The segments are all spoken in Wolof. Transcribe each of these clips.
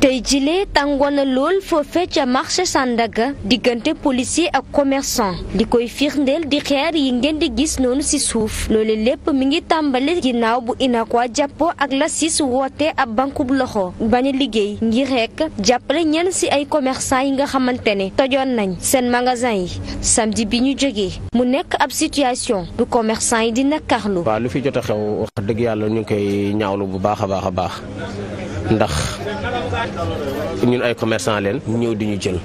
tey jilee tàngoon na lool foofe ca marché Sandaga diggante policier ak commerçant di koy firndeel di xeer yi ngeen di gis noonu ci suuf loolu lépp mi ngi tàmbali ginnaaw bu inakwaa jàppoo ak la sis woote ab bankub loxo bañ a liggéey ngir rekk jàppale ñenn ci ay commerçant yi nga xamante ne tojoon nañ seen magasin yi ji bi ñu jógee mu nekk ab situation bu commerçant yi di nakarlu waaw lu fi jot a xew wax dëgg yàlla ñu ngi koy ñaawlu bu baax a baax a baax ndax ñun ay commerçant leen ñëw di ñu jël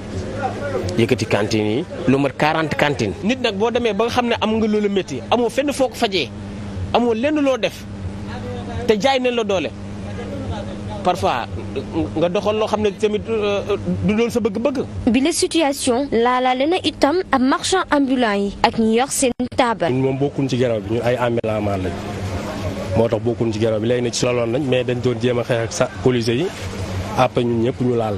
yëkkati cantine yi lu mat 40 cantine nit nag boo demee ba nga xam ne am nga loolu métti amoo fenn foo ko fajee amoo lenn loo def te jaay nañ la doole parfois nga doxal loo xam ne tamit euh, du doon sa bëgg-bëgg. bi la situation laalaale na itam ab marchand ambulant yi ak ñi yor seen taabal. ñun moom bokkuñ ci garab bi ñun ay ambulant lañ. moo tax bokkuñ ci garab bi léegi nag ci laloon nañ mais dañ doon jéema a xeex ak sa colisée yi après ñun ñëpp ñu laal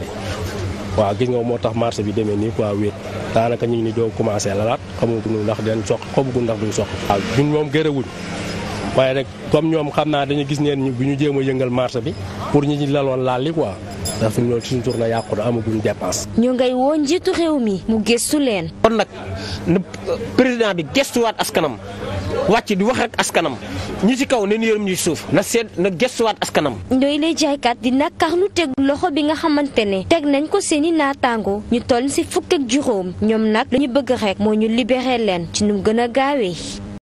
waaw gis nga moo tax marché bi demee nii quoi wéet daanaka ñu ngi ni doo commencé lalaat xamaguñu ndax den soq xamaguñu ndax duñ soq waaw ñun moom gërëwuñ waaye rek comme ñoom xam naa dañu gis neen ñu bu ñu jéem a yëngal marché bi pour ñi ñi laloon laal li quoi ndax fi mu loolu suñu journée yàqu na amaguñ dépense. ñu ngay woo njiitu réew mi mu gëstu leen. kon nag président bi gëstuwaat askanam wàcc di wax ak askanam ñi ci kaw nañ yërëm ñuy suuf na seet na gëstuwaat askanam. ndoy lay jaaykat di nakar lu teg loxo bi nga xamante ne teg nañ ko seeni naataango ñu toll ci fukk ak juróom ñoom nag lu ñu bëgg rek moo ñu libéré leen ci nu mu gën a gaawee.